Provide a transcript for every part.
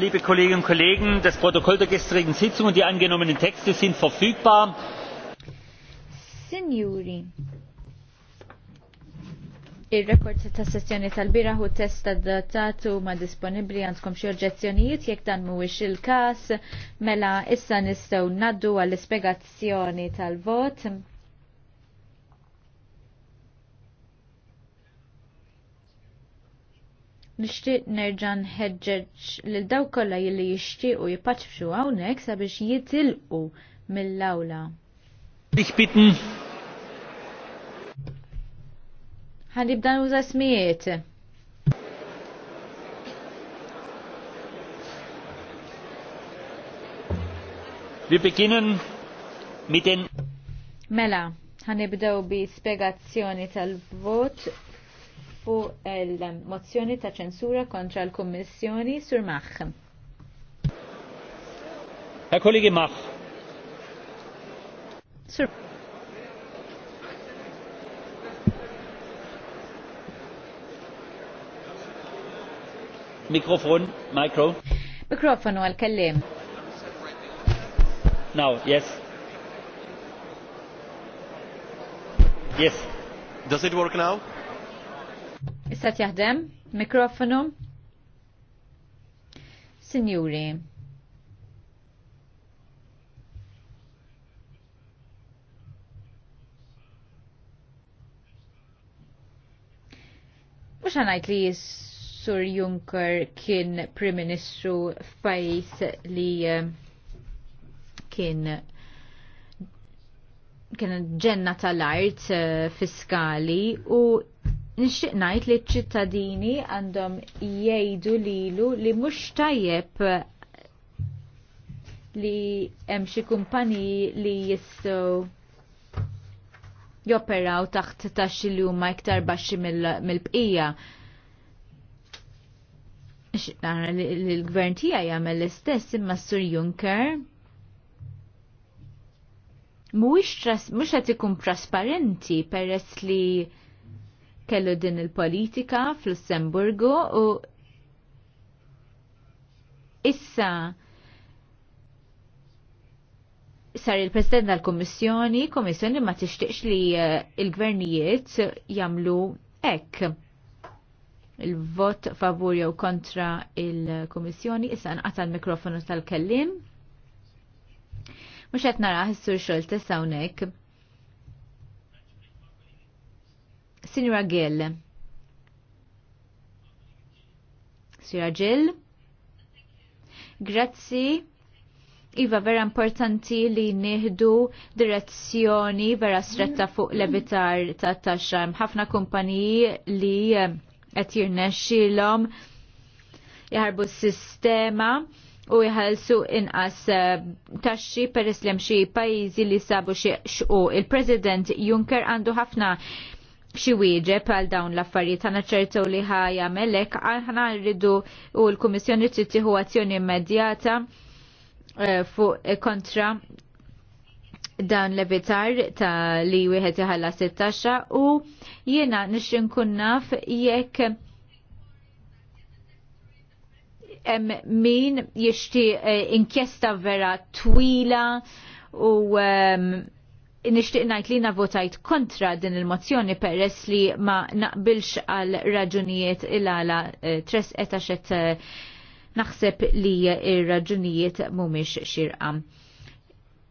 liebe Kolleginnen und Kollegen, das Protokoll der gestrigen Sitzung und die angenommenen Texte sind verfügbar. Signori, il-rekord ta' sessjoni tal-bira u test datatu ma' disponibli għandkom xi oġġezzjonijiet jekk dan mhuwiex il-każ, mela issa nistgħu naddu għall-ispjegazzjoni tal-vot. nixtieq nerġa' nħeġġeġ lil daw kollha li jixtiequ jippaċċu hawnhekk sabiex jitilqu mill-awla. Dich bitten. Ħanibda nuża smijiet. Wir beginnen mit den Mela, ħanibdew bi spiegazzjoni tal-vot fuq l mozzjoni ta' ċensura kontra l-Kommissjoni sur Mach. Herr kollegi Mach. Sur. Mikrofon, mikro. Mikrofonu għal-kellim. Now, yes. Yes. Does it work now? set jaħdem, mikrofonu. Signori. Mux għanajt li Sur Juncker kien Prim Ministru f'pajis li eh, kien kien ġenna tal-art eh, fiskali u nixtieq ngħid li ċ-ċittadini għandhom jgħidu lilu li mhux tajjeb li hemm xi kumpaniji li jistgħu joperaw taħt taxxi li huma iktar baxxi mill-bqija. Nara li l-gvern tiegħi jagħmel l-istess imma Sur Juncker mhuwiex mhux qed ikun trasparenti peress li kellu din il-politika fl-Lussemburgu u issa sar il-President tal-Kommissjoni, Kommissjoni ma tixtiqx li eh, il-gvernijiet jamlu ek il-vot favur jew kontra il-Kommissjoni. Issa nqata l-mikrofonu tal-kellim. Mux qed nara sur xogħol tista' hawnhekk. Signora Gill. Signora Gell. Grazzi. Iva vera importanti li neħdu direzzjoni vera stretta fuq levitar ta' taxxa. Ħafna kumpaniji li ehm, qed jirnexxilhom jaħarbu s-sistema u jħalsu inqas ehm, taxxi peress li hemm xi pajjiżi li sabu xi xquq. Il-President Juncker għandu ħafna b'xi wieġeb għal dawn l-affarijiet ħana ċertu li ħajamelek ħana rridu u l-Kummissjoni trid tieħu azzjoni immedjata eh, fuq eh, kontra dan l-evitar ta' li wieħed iħalla 16 u jiena nixin kun naf jekk hemm min jixti eh, inkjesta vera twila u um, nishtiq najt li navotajt kontra din il-mozzjoni peress li ma naqbilx għal raġunijiet il-għala eh, tres etaxet eh, naħseb li il raġunijiet mumiex xirqa.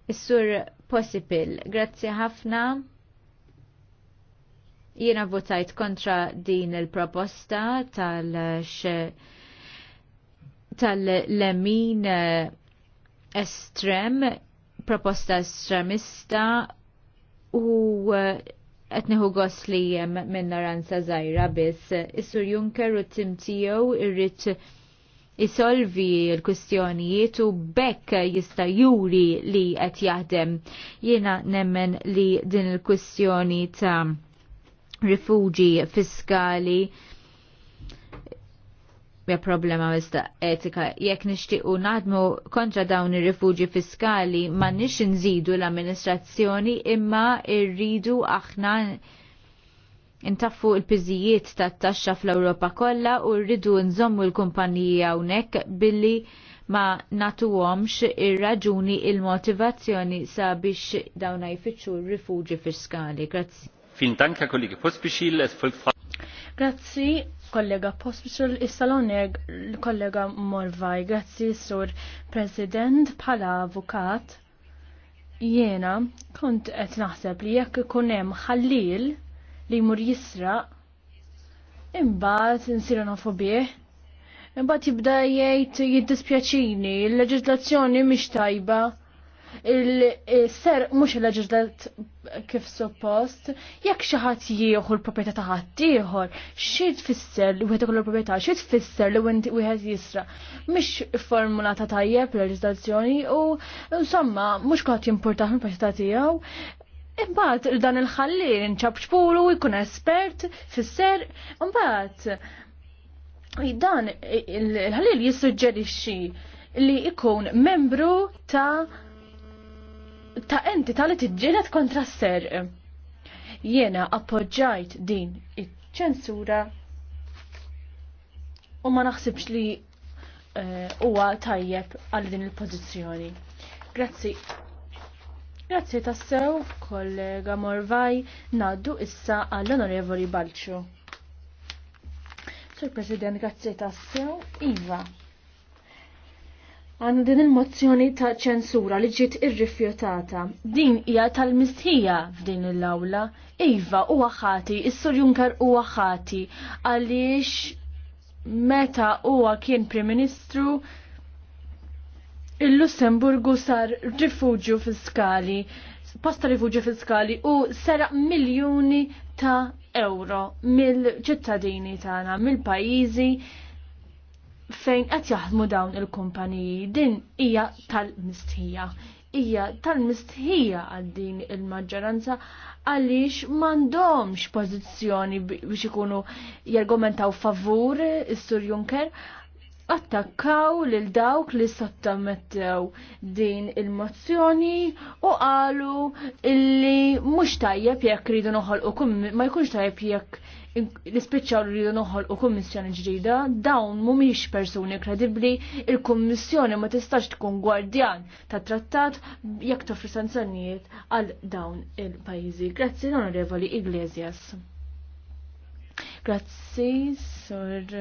Is-sur Possibil, grazzi ħafna. Jiena votajt kontra din il-proposta tal lemin eh, tal-lemin estrem proposta estremista u etniħu eh, għos li eh, minna minnaranza zaħira biss. Is-Sur u tim tijow irrit isolvi l-kustjonijiet u bekk jista juri li qed jaħdem. Jiena nemmen li din il-kustjoni ta' rifugi fiskali mi problema iżda etika. Jekk nixtiequ nadmu kontra dawn ir-rifuġi fiskali m'għandniex inżidu l-amministrazzjoni imma rridu aħna intaffu il-piżijiet tat-taxxa fl-Ewropa kollha u rridu nżommu l-kumpaniji hawnhekk billi ma natuhomx ir-raġuni il-motivazzjoni sabiex dawn jfittxu r rifugi fiskali. Grazzi. Vielen Dank, Herr Grazzi, kollega Pospiċil, is-saloneg l-kollega Morvaj, grazzi sur President pala avukat. Jena kont qed naħseb li jekk ikun hemm ħallil li jmur jisra, imbagħad insiru nafu bih. Imbagħad jibda jgħid jiddispjaċini, l-leġiżlazzjoni mhix tajba il-ser mux il-leġiżlet kif suppost, jekk xi ħadd jieħu l propieta ta' jieħu, ieħor, xi tfisser li wieħed l-proprjetà, xi tfisser li wieħed jisra. Mhix ta' tajjeb l-leġiżlazzjoni u insomma mhux kulħadd jimportaħ mill-proprjetà tiegħu. Imbagħad dan il-ħallir xpulu jkun espert fisser, imbagħad dan il-ħallir jissuġġerixxi li ikun membru ta' ta' entità li tiġġieled kontra s-serq. Jiena appoġġajt din iċ-ċensura u ma naħsibx li eh, huwa tajjeb għal din il-pożizzjoni. Grazzi. Grazzi tassew, kollega Morvaj, naddu issa għall-onorevoli Balċu. Sur President, grazzi tassew, Iva għandu din il-mozzjoni ta' ċensura li ġiet irrifjutata. Din hija tal-mistħija f'din il awla Iva u ħati, is-Sur Junker u ħati għaliex meta huwa kien Prim Ministru il-Lussemburgu sar rifugju fiskali, posta rifugju fiskali u sera miljoni ta' euro mill-ċittadini tagħna, mill-pajjiżi fejn qed jaħdmu dawn il-kumpaniji. Din hija tal-mistħija. Hija tal-mistħija għal din il-maġġoranza għaliex m'għandhomx pożizzjoni biex ikunu jargumentaw favur is-Sur Juncker attakkaw lil dawk li sottomettew din il-mozzjoni u qalu illi mhux tajjeb jekk ridu noħolqu ma jkunx tajjeb jekk l-ispiċċaw li ridu noħolqu kummissjoni ġdida, dawn mhumiex persuni kredibbli, il-kummissjoni ma tistax tkun gwardjan ta' trattat jekk toffri sanzjonijiet għal dawn il-pajjiżi. Grazzi l-Onorevoli Iglesias. Grazzi, Sur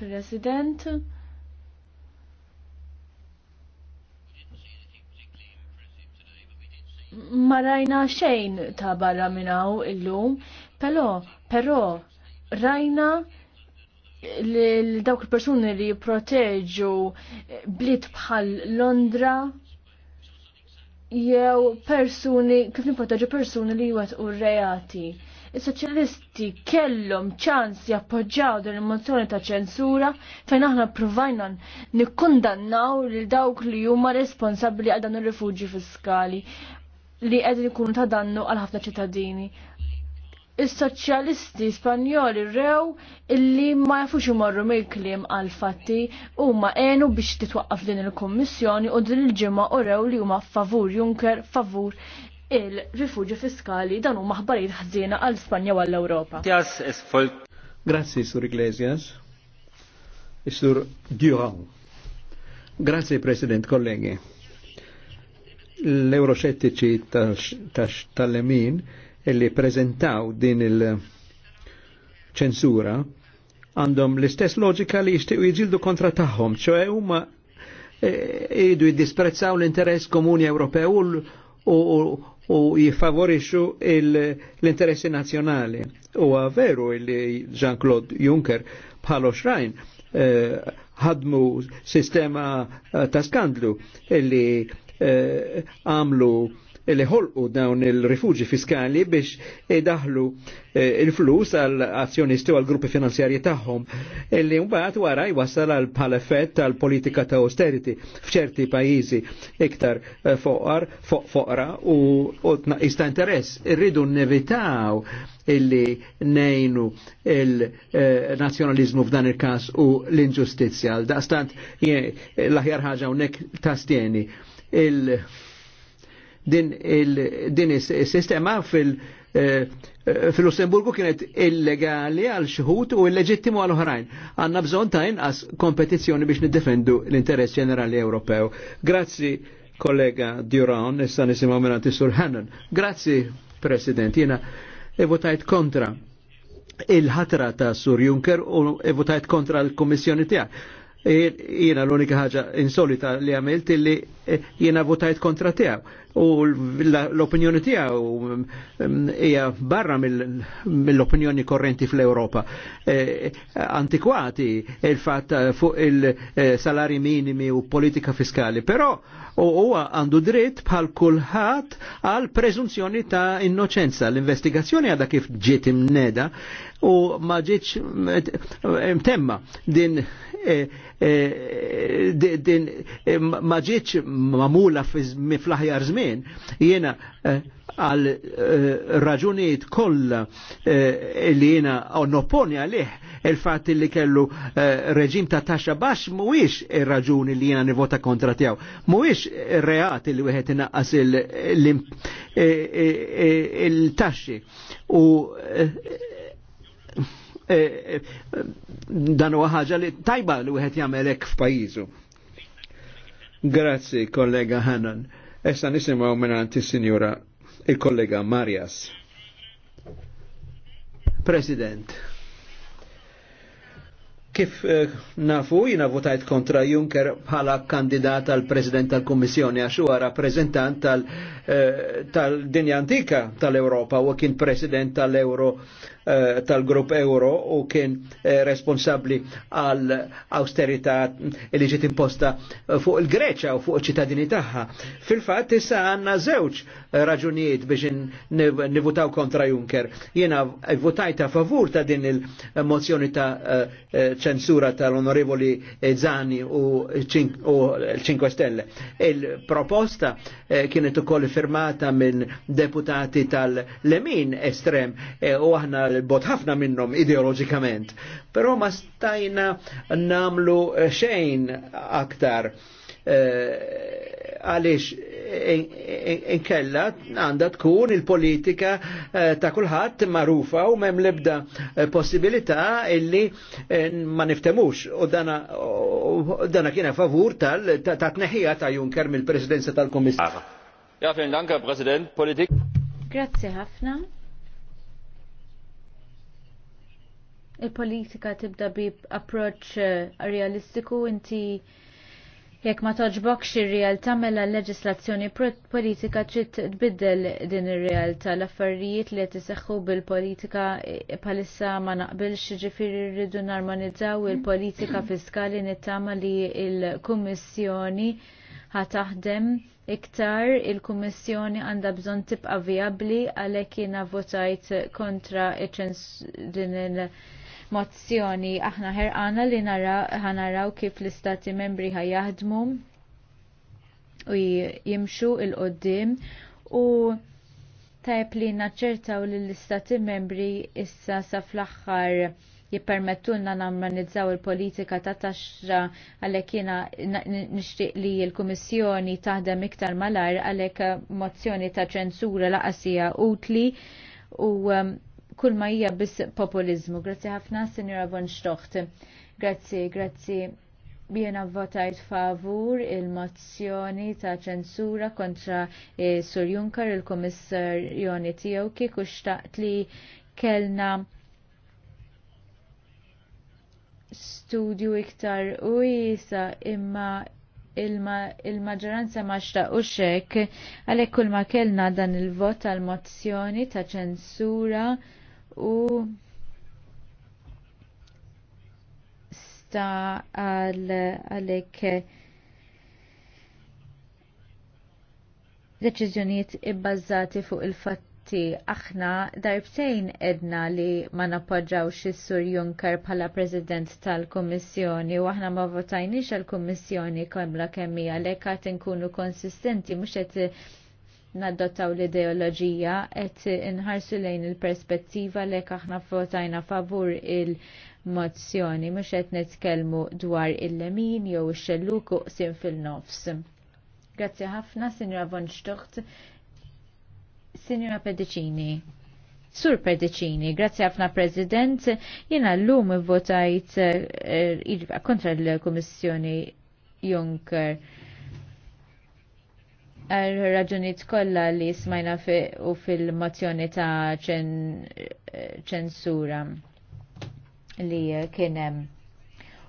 President. ma rajna xejn ta' barra minnaw illum, pero, pero rajna l dawk il-persuni li proteġu blit bħal Londra jew persuni kif niproteġu persuni li jwet u reati. Is-soċjalisti kellhom ċans jappoġġaw din il-mozzjoni ta' ċensura fejn aħna provajna nikkundannaw lil dawk li huma responsabbli għal dan ir-rifuġi fiskali li qegħdin ikunu ta' dannu għal ħafna ċittadini. Is-soċjalisti Spanjoli rew illi ma jafux imorru mill-kliem għal fatti huma għenu biex titwaqqaf din il-Kummissjoni u din il-ġimgħa u rew li huma favur Juncker favur il rifugju fiskali dan huma ħbarijiet ħżiena għal Spanja u għall ewropa Grazzi, Sur Iglesias. E Sur Durand. Grazie President, kollegi l euroscettici tal-lemin illi prezentaw din il-ċensura għandhom l-istess loġika li jishtiqu jġildu kontra tagħhom, ċoe huma e, idu jiddisprezzaw l-interess komuni Ewropew u jifavorixxu l-interessi nazzjonali. U veru li Jean-Claude Juncker bħalo xrajn e, ħadmu sistema e, ta' skandlu illi Eh, għamlu li ħolqu dawn il-rifugi fiskali biex daħlu eh, il-flus għal azzjonisti u għal gruppi finanzjarji tagħhom. Illi mbagħad wara jwassal għal bħal effett tal politika ta' austerity f'ċerti pajjiżi iktar eh, foqar, foqra u tnaqqis ta' interess. Irridu nevitaw illi nejnu il-nazjonalizmu f'dan il-kas u l-inġustizja. Daqstant l-aħjar ħaġa unnek tastjeni il- din il-sistema fil- eh, eh, fil-Lussemburgu kienet illegali għal xħut u illeġittimu għal oħrajn. Għanna bżon ta' inqas kompetizzjoni biex niddefendu l-interess ġenerali Ewropew. Grazzi kollega Duran, issa nisimaw minna tisur Hannon. Grazzi, President, jena votajt kontra il-ħatra ta' Sur Juncker u votajt kontra l-Kommissjoni tijak Jiena l-unika ħaġa insolita li għamilt illi eh, jiena votajt kontra tiegħu u l-opinjoni tiegħu mm, mm, hija barra mill-opinjoni korrenti fl europa e, Antikwati il fat fuq il-salari minimi u politika fiskali, però huwa għandu dritt bħal kulħadd għal preżunzjoni ta' innoċenza. L-investigazzjoni għadha kif ġiet imneda u ma ġietx mm, temma din e, e, din ma ġietx mamula fl-aħjar żmien żmien. Jiena eh, għal eh, raġunijiet kollha eh, li jiena nopponi għalih il-fatt li kellu reġim ta' taxxa baxx mhuwiex ir-raġuni li jiena nivota kontra tiegħu. Mhuwiex reati li wieħed inaqqas il-taxxi. U dan huwa ħaġa li tajba li wieħed jagħmel hekk f'pajjiżu. Grazzi, kollega Hanan. Issa nisimaw minnant il-Sinjura il-kollega Marias. President, kif eh, nafu jina votajt kontra Juncker bħala kandidat għal president tal-Kommissjoni għax huwa rappresentant eh, tal-dinja eh, tal antika tal-Europa u kien president tal-Euro Eh, tal-grupp euro u kien eh, responsabli għal austerità li ġiet imposta eh, fuq il-Greċa u fuq ċittadini tagħha. Fil-fatt issa għandna żewġ raġunijiet biex nivutaw kontra Juncker. Jiena a favur ta' din il-mozzjoni ta' ċensura tal-onorevoli Zani u l-5 Stelle. Il-proposta kienet ukoll firmata minn deputati tal-lemin estrem u aħna l-bot ħafna minnhom ideologikament, però ma stajna namlu eh, xejn aktar eh, għalix eh, inkella għanda tkun il-politika ta' kulħadd marufa u mem lebda possibilità illi ma niftemux u dana kiena favur ta' tneħija ta' Juncker mill-presidenza tal-Komissar. Ja, vielen danka President. Politik. Grazie ħafna. il-politika tibda bi approach eh, realistiku inti jekk ma toġbokx ir-realtà mela l-leġislazzjoni politika trid tbiddel din ir-realtà l-affarijiet li qed iseħħu bil-politika bħalissa eh, ma naqbilx ġifieri rridu narmonizzaw il-politika fiskali nittama li l-Kummissjoni ħataħdem iktar il-Kummissjoni għandha bżonn tibqa' vijabbli għalhekk jiena votajt kontra din il- mozzjoni. Aħna ħerqana li ħanaraw kif l-istati membri ħajjaħdmu u jimxu il-qoddim u tajb li naċċertaw li l-istati membri issa sa fl-axħar jippermettulna nammanizzaw il-politika ta' taxxa għalhekk jiena nixtieq li l-Kummissjoni taħdem iktar malar għalhekk mozzjoni ta' ċensura laqasija utli u um, kull ma hija biss populizmu. Grazzi ħafna, Sinjora Von Stocht. Grazzi, grazzi. Jiena votajt favur il-mozzjoni ta' ċensura kontra eh, Sur Junker, il Joni tiegħu kieku xtaqt li kellna studju iktar u jisa imma il-maġġoranza ma u xek għalhekk kull ma kellna dan il-vot tal-mozzjoni ta' ċensura u sta għalek deċiżjonijiet ibbazzati fuq il fatti aħna darbtejn edna li ma nappoġġawx is-Sur Juncker bħala President tal-Kummissjoni u aħna ma votajniex għall-Kummissjoni kollha kemm hija għalhekk qed konsistenti mhux qed naddottaw l-ideoloġija qed inħarsu lejn il-perspettiva li aħna votajna favur il-mozzjoni mhux qed nitkellmu dwar il-lemin jew ix-xelluk uqsim fil-nofs. Grazzi ħafna, Sinjora Von Stocht. Sinjora Pedicini. Sur Pedicini, grazzi ħafna President, jena l-lum votajt eh, kontra l-Komissjoni Juncker raġunijiet kollha li smajna fi, u fil-mozzjoni ta' ċensura li kienem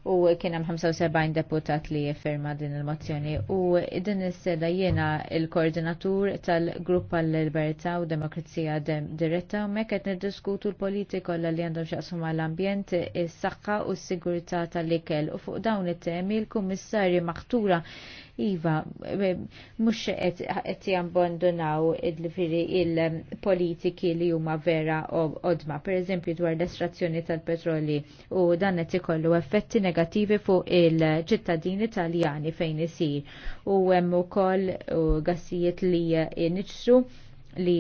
u kienem 75 deputat li jiffirma din il-mozzjoni u din is-seda jiena il-koordinatur tal-grupp għall-libertà u demokrazija dem diretta u mekket niddiskutu l-politika kollha li għandhom xaqsu mal-ambjent, is-saħħa u s-sigurtà tal-ikel u fuq dawn it-temi l-kummissarji maħtura Iva, eh, mux qed jambandonaw id firi il-politiki li huma vera odma, per eżempju dwar l-estrazzjoni tal-petroli u dan qed ikollu effetti negativi fuq il-ċittadini Taljani fejn isir u hemm ukoll gassijiet li niġsu li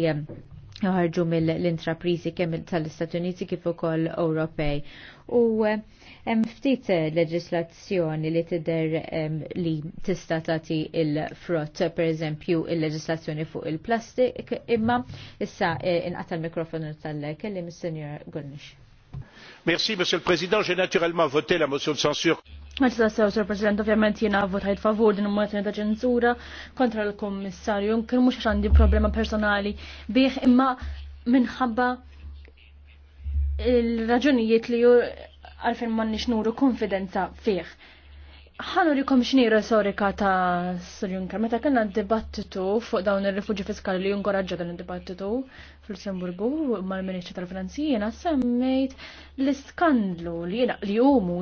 ħarġu mill-intraprizi kemm tal-Istati Uniti kif ukoll Ewropej. U eh, hemm ftit eh, leġislazzjoni li tidher ehm, li tista' tagħti il-frott, pereżempju il-leġislazzjoni fuq il-plastik, imma issa eh, inqata' l-mikrofonu tal-kellim is-Senjor Gornish. Merci, Monsieur le Président. J'ai naturellement voté la motion de censure. Għazza sew, Sir President, ovvjament jena votajt favur din il-mozzjoni ta' ċensura kontra l-Kommissarju. Kien mhux għandi problema personali bih imma minħabba il-raġunijiet li għalfin man nixnuru konfidenza fih. Ħanu li kom xnira storika ta' Sir junker meta kena dibattitu fuq dawn il-rifuġi fiskali li jungoraġġa dan il-dibattitu fil-Lussemburgu mal-Ministru tal-Finanzi jena semmejt l-iskandlu li jena li jomu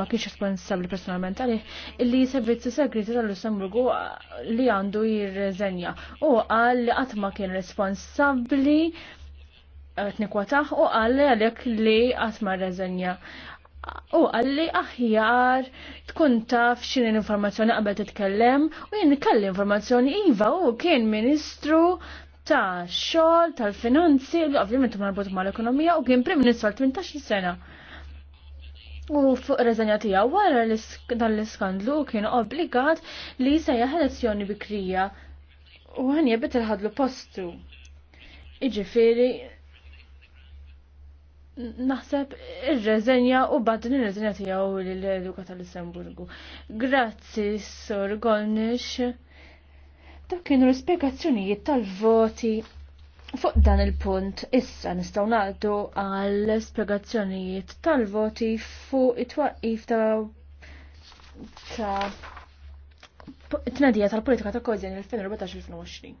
ma kienx responsabli personalment għalih li servizzi segreti tal-Lussemburgu li għandu jirreżenja u għal li għatma kien responsabli t taħ u għalli għalek li għatma reżenja. U għalli aħjar tkun taf xin l-informazzjoni qabel titkellem u jien kalli informazzjoni iva u kien ministru ta' xol, tal-finanzi, li ovvijament marbut ma' l-ekonomija u kien prim ministru għal 18 sena. U fuq reżenja tiegħu wara dan l-iskandlu kien obbligat li sejjaħ elezzjoni bikrija u għan jebet il-ħadlu postu. Iġifiri, naħseb ir-reżenja u bad ir-reżenja tiegħu lill-Eduka tal-Lussemburgu. Grazzi, Sor Golnish. Dak kienu l-spjegazzjonijiet tal-voti fuq dan il-punt. Issa nistgħu naħdu għall spjegazzjonijiet tal-voti fuq it twaqif ta' ta' tnadija tal-politika ta' kozjen 2014-2020.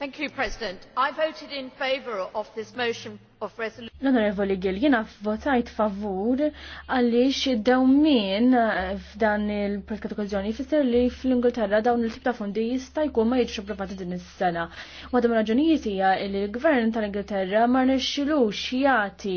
Mr President, I voted in favour of this motion of resolution. L-Onorevoli Gil, jiena votajt favur għaliex dawmin eh, f'dan il-protokolazzjoni jfisser li fl-Ingilterra dawn il-tip ta' fondi jista' jkun ma jiġux approvati din is-sena. Waħda raġunijiet hija li l-Gvern tal-Ingilterra ma rnexxilux jagħti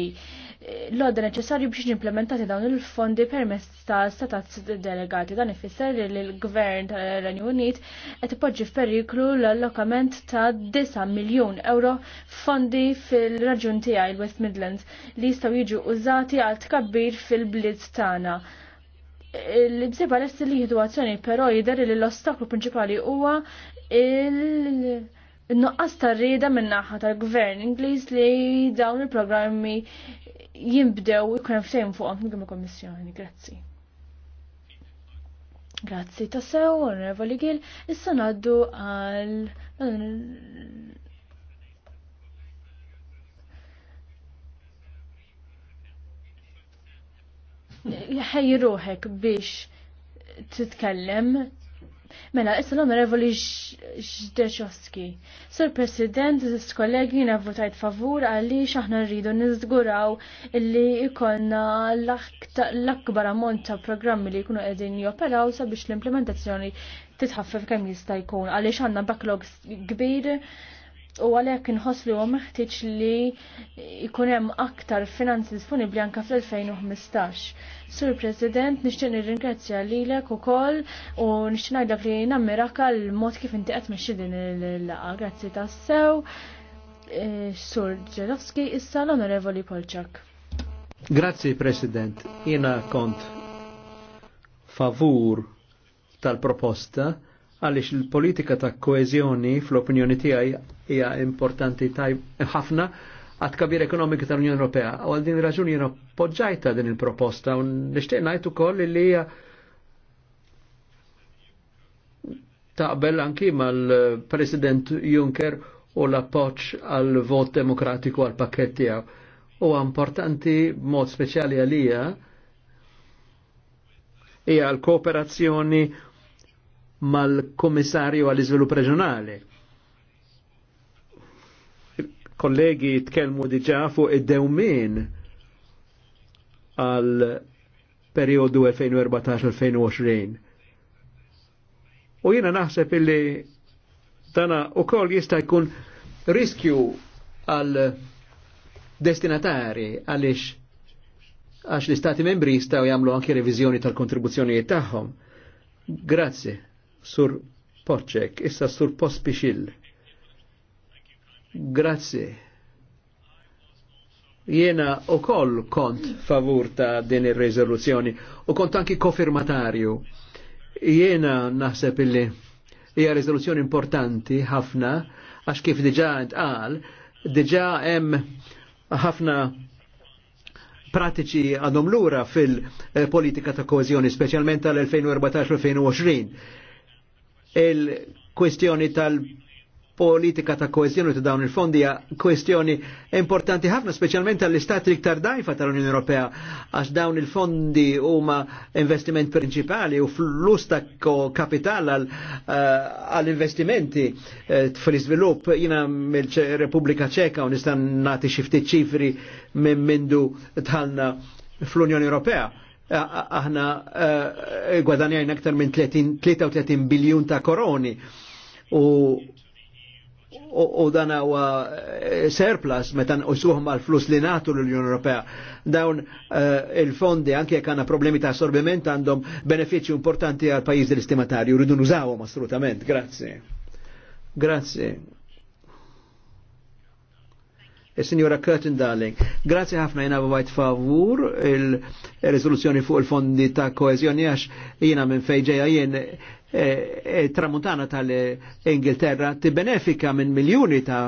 l-odda neċessarju biex implementati dawn il-fondi permess ta' statat delegati. Dan ifisser li l-Gvern tal-Renju Unit qed ipoġġi f'periklu l-allokament ta' 9 miljun euro fondi fil-raġun tiegħi il-West Midlands li jistgħu jiġu użati għal tkabbir fil-bliet tagħna. L-bżiba lest li jihdu azzjoni però jidher li l-ostaklu prinċipali huwa il- Nuqqas tar-rida minnaħa tal-gvern Ingliż li dawn il-programmi jimbdew ikun hemm ftehim fuqhom minn il-Kommissjoni. Grazzi. Grazzi ta' sew, onorevoli Gil, issa ngħaddu għal ħej biex titkellem Mela, issa l-onorevoli Ġdeċowski. Sir President, kollegi, jina votajt favur għalli xaħna rridu nizguraw illi ikonna l-akbar ammont ta' programmi li jkunu edin joperaw sabiex l-implementazzjoni titħaffef kemm jista' jkun għaliex għandna backlogs kbir u għalhekk inħoss li huwa meħtieġ li jkun hemm aktar finanzi disponibbli anke fl-2015. Sur President, nixtieq nirringrazzja lilek ukoll u nixtieq ngħidlek li nammiraka l-mod kif inti qed xidin din il-laqgħa. Grazzi tassew. Eh, Sur Ġelowski issa l-Onorevoli Polċak. Grazzi President, jina kont favur tal-proposta għaliex il-politika ta' koezjoni fl-opinjoni tiegħi hija importanti tajb ħafna għat kabir ekonomika tal-Unjoni Ewropea. U għal din raġuni jena poġġajta din il-proposta u nishtiq ngħid ukoll li hija taqbel anki mal-President Juncker u l-appoċ għal vot demokratiku għal pakket tiegħu. U importanti mod speċjali għalija hija l-kooperazzjoni mal-Komissarju għall-Iżvilupp Reġjonali. Kollegi tkellmu diġà fuq id-dewmin għal periodu 2014-2020. U jiena naħseb illi tana u koll jista' jkun riskju għal destinatari għaliex għax l-istati membri jistaw jamlu anki revizjoni tal-kontribuzzjonijiet tagħhom. Grazie sur Poċek, issa sur Pospiċil. Grazzi. Jena u koll kont favur ta' din ir-rezoluzzjoni u kont anki kofirmatarju. Jena naħseb illi hija rezoluzzjoni importanti ħafna għax kif diġa qal, diġa hemm ħafna pratiċi għadhom lura fil-politika ta' koezjoni, specialment tal-2014-2020 il-kwestjoni tal-politika ta' koezjoni ta' dawn il-fondi ja' kwestjoni importanti ħafna, speċjalment għall-istati iktar dajfa tal-Unjoni Ewropea, għax dawn il-fondi huma investiment principali u flus ta' kapital għal eh, investimenti eh, fl-iżvilupp jina mill-Repubblika Ċeka u nista' nati xifti ċifri minn mindu tħalna fl-Unjoni Ewropea aħna gwadanjajna aktar minn 33 biljun ta' koroni u dan huwa eh, surplus meta nqisuhom għal flus li natu l-Unjoni Ewropea. Dawn eh, il-fondi anke jekk għandna problemi ta' assorbiment għandhom benefiċċju importanti għal pajjiż dell-istimatarju, rridu nużawhom assolutament. Grazzi. Grazzi. Signora Curtin Darling. Grazie ħafna jena bħajt favur il-rezoluzjoni fuq il-fondi ta' koezjoni għax jena minn fejġeja jien eh, eh, tramuntana tal-Ingilterra tibbenefika minn miljoni ta'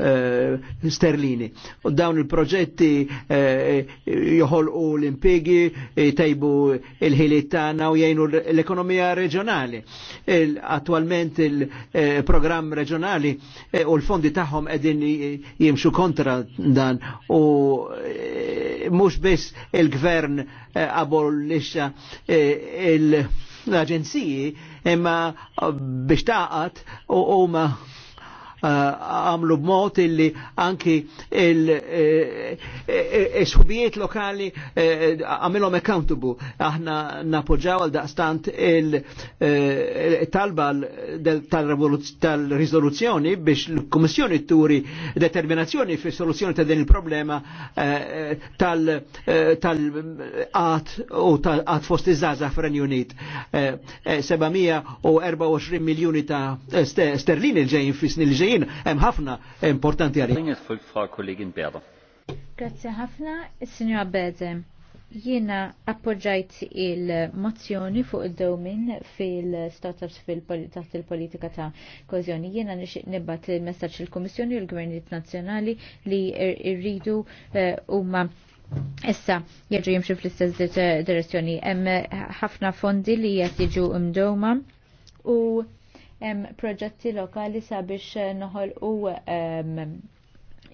Eh, sterlini. U dawn il-proġetti eh, joħolqu l-impigi, tajbu il-ħiliet tagħna u jgħinu l-ekonomija reġjonali. Attualment il-programm reġjonali eh, u l-fondi tagħhom qegħdin jimxu kontra dan u mhux biss il-gvern abolixxa il-aġenziji imma biex taqat u huma Eh, għamlu b'mod illi anki il-xubijiet eh, lokali eh, għamilhom accountable. Aħna napoġaw għal daqstant il-talba tal-rizoluzzjoni biex l komissjoni turi determinazzjoni fi soluzzjoni ta' din il-problema tal-qat u tal-qat fost iż-żaza f'Renju Unit. 724 miljoni ta' sterlini il-ġejn fi snin il-ġejn ġejjin hemm ħafna importanti għalih. Grazie ħafna, signora Beze. Jiena appoġġajt il-mozzjoni fuq id-dowmin fil-startups fil-taħt il-politika ta' kozjoni. Jiena nixiq nibbat il-messaċ il-Komissjoni u l-Gvernijiet Nazzjonali li irridu eh, huma Issa, jieġu jimxu fl-istess direzzjoni. Hemm ħafna fondi li qed jiġu mdowma u hemm proġetti lokali sabiex eh, noħolqu ehm,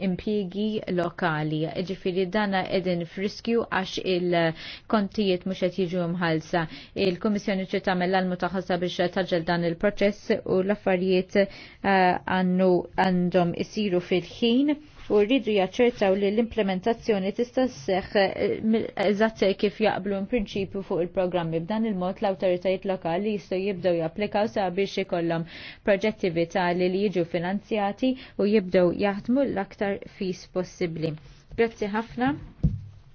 impjiegi lokali. Ġifiri dana edin friskju għax il-kontijiet mux qed jiġu mħalsa. Il-Komissjoni ċi tagħmel l-almu biex taġġel dan il-proċess u l-affarijiet eh, għandhom isiru fil-ħin u rridu jaċċertaw li l-implementazzjoni tista' sseħħ eh, eżatt kif jaqblu prinċipju fuq il-programmi. B'dan il-mod l-awtoritajiet lokali jistgħu jibdew japplikaw sabiex ikollhom proġetti vitali li jiġu finanzjati u jibdew jaħdmu l-aktar fis possibbli. Grazzi ħafna.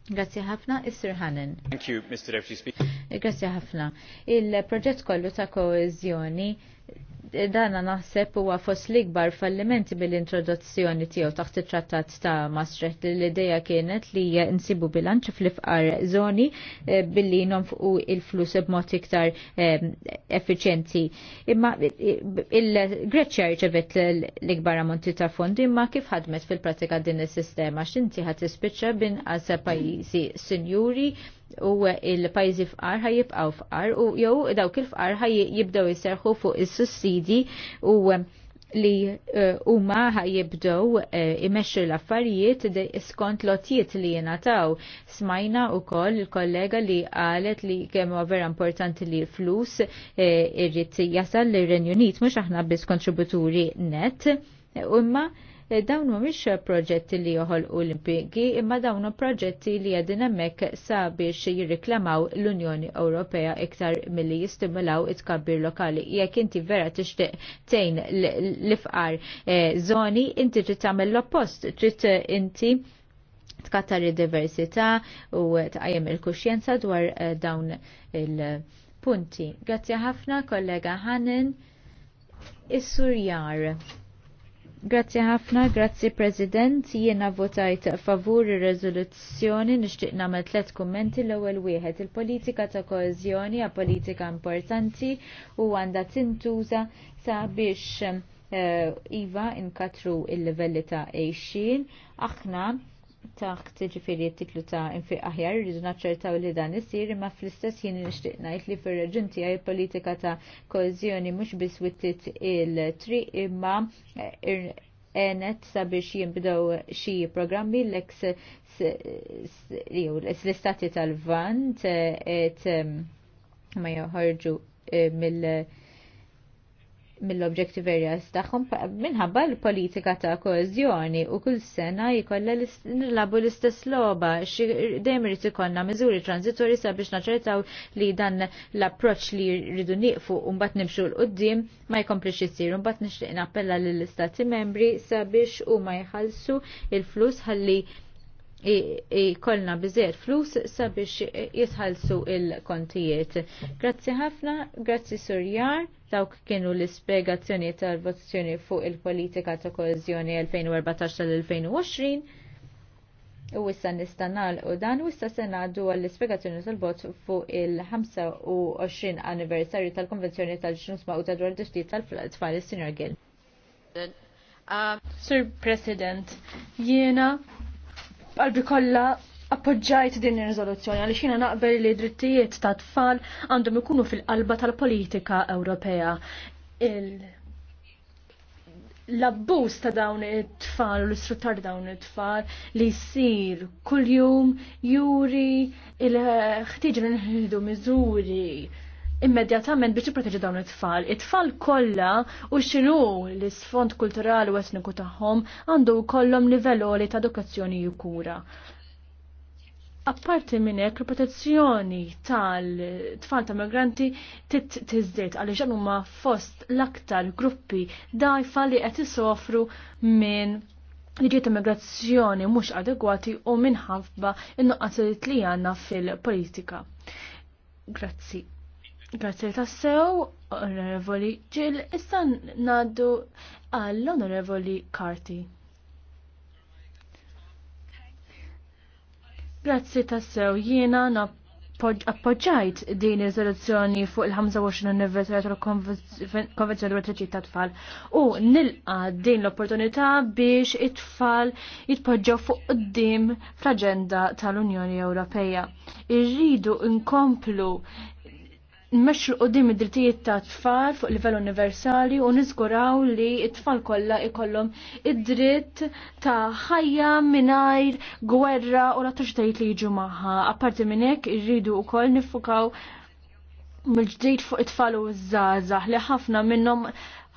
Grazie ħafna, Isser Hannan. Thank you, Mr. Deputy Speaker. Grazie ħafna. Il-proġett kollu ta' koezjoni dana naħseb huwa fost l-ikbar fallimenti bil-introduzzjoni tiegħu taħt it-trattat ta' Maastricht li l-idea kienet li nsibu bilanċ fl-ifqar zoni eh, billi nonfqu il-flus b'mod iktar eh, effiċjenti. Imma eh, il-Greċja rċevet l-ikbar ammonti ta' fondi imma kif ħadmet fil-pratika din is-sistema x'inti ħad bin binqas pajjiżi sinjuri u il-pajzi fqar ħaj jibqaw fqar u jew dawk il-fqar ħaj jibdew jisserħu fuq is-sussidi u eh, li eh, huma uh, jibdew uh, eh, imexxu l-affarijiet skont lotijiet li jingħataw. Smajna wkoll il-kollega li qalet li kemm huwa vera importanti li l-flus uh, irrid jasal lir-Renju Unit mhux aħna biss kontributuri net Uh, umma, Eh, dawn mhumiex proġetti li joħolqu l-impjiegi imma dawn proġetti li emmek hemmhekk sabiex jirriklamaw l-Unjoni Ewropea iktar milli jistimulaw it-tkabbir lokali. Jekk inti vera tixtieq tgħin l-ifqar eh, zoni, inti trid tagħmel l-oppost, trid eh, inti tkattar id-diversità u tqajjem il-kuxjenza dwar dawn il-punti. Grazzi ħafna kollega Hannen is-surjar. Grazzi ħafna, grazzi President, jiena votajt favur ir-rezoluzzjoni nixtieq nagħmel tliet kummenti l-ewwel wieħed. Il-politika ta' koeżjoni hija politika importanti u għandha tintuża sabiex eh, iva inkatru il-livelli ta' għejxin. Aħna taħt ġifiri t-tiklu ta' infiq aħjar rridu naċċertaw li dan isir imma fl-istess jien nixtieq ngħid li fir-reġun tiegħi politika ta' koeżjoni mhux biss wittit il-triq imma enet sabiex jinbdew xi programmi l-eks l-istati tal-vant eh, et mm, ma joħorġu eh, mill- mill-objective areas tagħhom minħabba l-politika ta' koezjoni u kull sena jkollha nilabu l-istess logħba xi dejjem irid ikollna miżuri transitorji sabiex naċertaw li dan l-approċċ li rridu nieqfu u mbagħad nimxu l qudiem ma jkomplix isir u mbagħad nixtieq nappella lill-istati membri sabiex huma jħallsu il-flus ħalli kolna bizzer flus sabiex jitħallsu il-kontijiet. Grazzi ħafna, grazzi Surjar, dawk kienu l-ispiegazzjoni tal-votazzjoni fuq il-politika ta' koezjoni 2014-2020. U issa nistanal u dan u issa senadu għall-ispiegazzjoni tal-vot fuq il-25 anniversarju tal-Konvenzjoni tal-ġnus ma' u tal dwar tal-tfal, Sinjor Gil. Uh, Sir President, jiena Qalbi kollha appoġġajt din ir-riżoluzzjoni għaliex jiena naqbel li drittijiet ta' tfal għandhom ikunu fil-qalba tal-politika Ewropea. L-abbuż ta' dawn it-tfal u l-istruttar dawn it-tfal li jsir kuljum juri il-ħtiġ li nħidu miżuri immedjatament biex jipproteġi dawn it-tfal. It-tfal kollha u x'inhu l-isfond kulturali u etniku tagħhom għandu kollhom livelloli ta' edukazzjoni u kura. Apparti minn hekk protezzjoni tal-tfal ta' migranti tiżdiet għaliex hemm huma fost l-aktar gruppi dajfa li qed isofru minn liġiet immigrazzjoni mhux adegwati u minħabba in-nuqqasijiet li għandna fil-politika. Grazzi. Grazie tassew, onorevoli ġil, issa naddu għall-onorevoli Karti. Grazzi tassew, jiena appoġġajt din ir-rezoluzzjoni fuq il-25 anniversarju tal-Konvenzjoni dwar it tat tfal u nilqa din l-opportunità biex it-tfal jitpoġġew fuq qudiem fl-aġenda tal-Unjoni Ewropea. Irridu nkomplu nmexxu qudiem id-drittijiet ta' tfal fuq livell universali u niżguraw li t-tfal kollha ikollhom id-dritt ta' ħajja mingħajr gwerra u l-atroċitajiet li jiġu magħha. Apparti minn hekk irridu wkoll nifukaw mill-ġdid fuq it-tfal u żgħażagħ li ħafna minnhom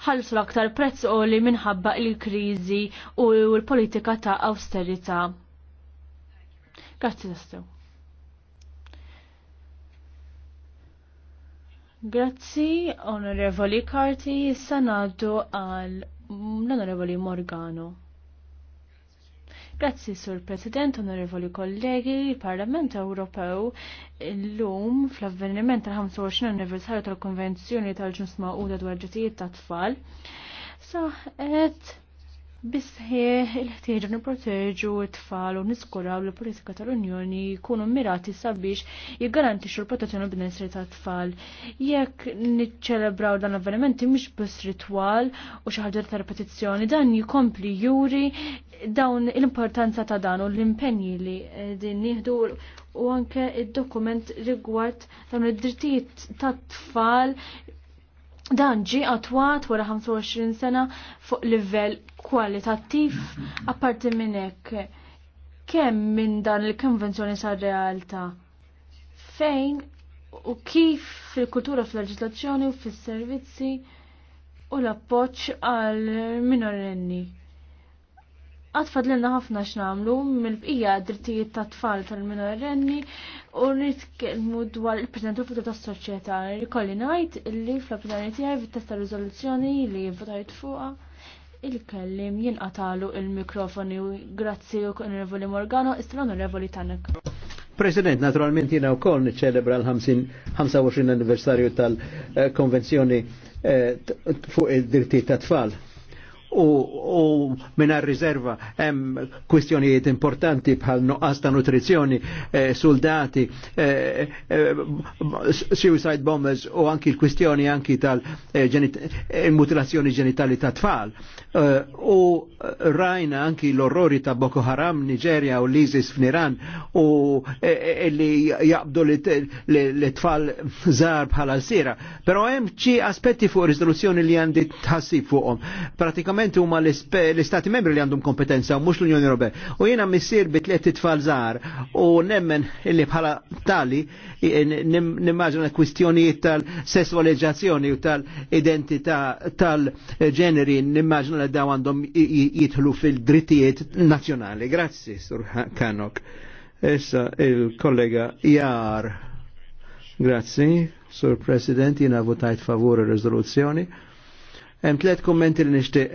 ħallsu l-aktar prezz li minħabba il-kriżi u l-politika ta' austerità. Grazzi tassew. Grazzi, onorevoli Karti, issa għal l-onorevoli Morgano. Grazzi, Sur President, onorevoli kollegi, il-Parlament Ewropew l-lum fl-avveniment tal-25 anniversarju tal-Konvenzjoni tal ġusma u dwar ġitijiet tat-tfal. So, et Bisħieħ il-ħtieġa nipproteġu t-tfal u niskuraw l politika tal-Unjoni jkunu mirati sabiex jiggarantixxu l-protezzjoni b'nessri t tfal Jekk niċċelebraw dan avvenimenti mhux biss ritwal u xi ħaġa ta' repetizzjoni dan jikompli juri dawn l-importanza ta' dan u l-impenji li din nieħdu u anke id-dokument rigward dawn id-drittijiet tat-tfal Dan ġi għatwat wara 25 sena fuq livell kwalitattiv apparti minn hekk kemm minn dan il-konvenzjoni sar-realtà fejn u kif fil-kultura fil-leġislazzjoni u fis-servizzi u l-appoġġ għal minorenni għatfad l-inna ħafna xnamlu mill-bqija drittijiet ta' tfal tal-minorenni u nitkellmu dwar il-prezentu fuq ta' soċieta. Rikolli najt illi fl-opinjoni tiegħi fit-testa riżoluzzjoni li votajt fuqha il-kellim jinqatalu il-mikrofoni u grazzi u onorevoli Morgano, istra onorevoli Tanek. President, naturalment jina u kol niċelebra l-25 anniversarju tal-konvenzjoni eh, eh, fuq id-dirti ta' tfal u, u minna riserva hemm kwistjonijiet importanti bħal nuqqas ta' nutrizzjoni, eh, soldati, eh, eh, suicide bombers u anki l-kwistjoni anki tal-mutilazzjoni eh, genit eh, genitali ta' tfal. Eh, u rajna anki l-orrori ta' Boko Haram, Nigeria u l-ISIS f'Niran u eh, li jaqbdu li tfal zar bħala sira. Pero hemm ċi aspetti fuq risoluzzjoni li għandi tħassib fuqhom. Pratikament Bażikament huma l-Istati membri li għandhom kompetenza u mhux l-Unjoni Ewropea. U jiena missier bi tliet tfal żgħar u nemmen illi bħala tali nimmaġna kwistjonijiet tal-sessualizzazzjoni u tal-identità tal-ġeneri nimmaġna li daw għandhom jidħlu fil-drittijiet nazzjonali. Grazzi, Sur Kanok. Issa il-kollega Jar. Grazzi, Sur President, jiena votajt favur il-rezoluzzjoni Hemm tliet kummenti li nixtieq